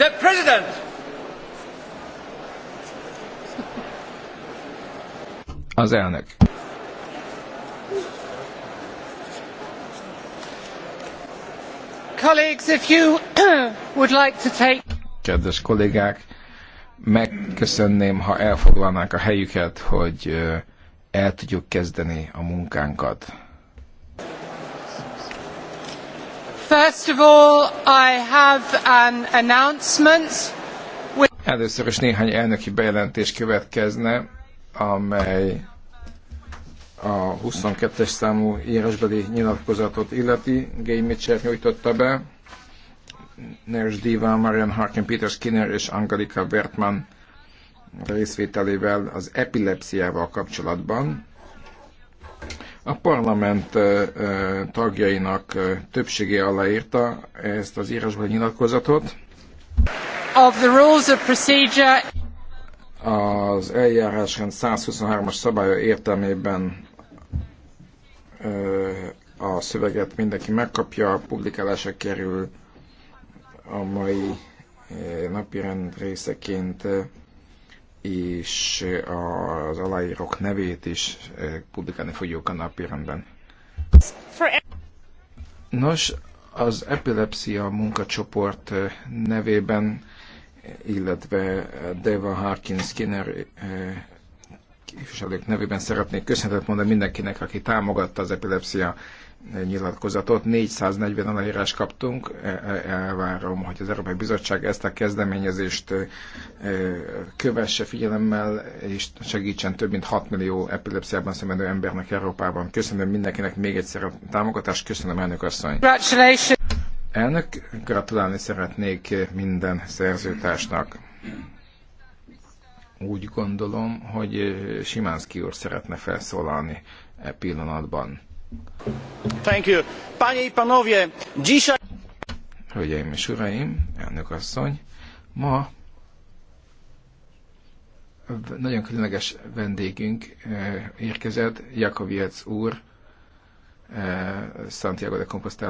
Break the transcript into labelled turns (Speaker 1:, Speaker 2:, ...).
Speaker 1: The President! Az elnök. Colleagues, if you would like to take... Kedves kollégák, megköszönném, ha elfoglalnák a helyüket, hogy el tudjuk kezdeni a munkánkat. First of all, I have an announcement. Először is néhány elnöki bejelentés következne, amely a 22-es számú írásbeli nyilatkozatot illeti. Gay Mitchell nyújtotta be, Ners Diva, Marian Harkin, Peter Skinner és Angelika Wertmann részvételével az epilepsziával kapcsolatban, a parlament tagjainak többsége aláírta ezt az írásban nyilatkozatot. Of the rules of procedure. Az eljárásrend 123-as szabálya értelmében a szöveget mindenki megkapja, publikálásra kerül a mai napirend részeként és az aláírók nevét is eh, publikálni fogjuk a napirendben. Nos, az epilepsia munkacsoport eh, nevében, illetve Deva Harkin Skinner eh, képviselők nevében szeretnék köszönetet mondani mindenkinek, aki támogatta az epilepszia nyilatkozatot. 440 aláírás kaptunk, e, e, elvárom, hogy az Európai Bizottság ezt a kezdeményezést e, kövesse figyelemmel, és segítsen több mint 6 millió epilepsziában szenvedő embernek Európában. Köszönöm mindenkinek még egyszer a támogatást, köszönöm elnök asszony. Elnök, gratulálni szeretnék minden szerzőtársnak. Úgy gondolom, hogy Simánszki úr szeretne felszólalni e pillanatban. Thank you. Panie i panowie, dzisiaj... Hölgyeim és uraim, elnök asszony, ma nagyon különleges vendégünk érkezett, Jakoviec úr, Santiago de Compostela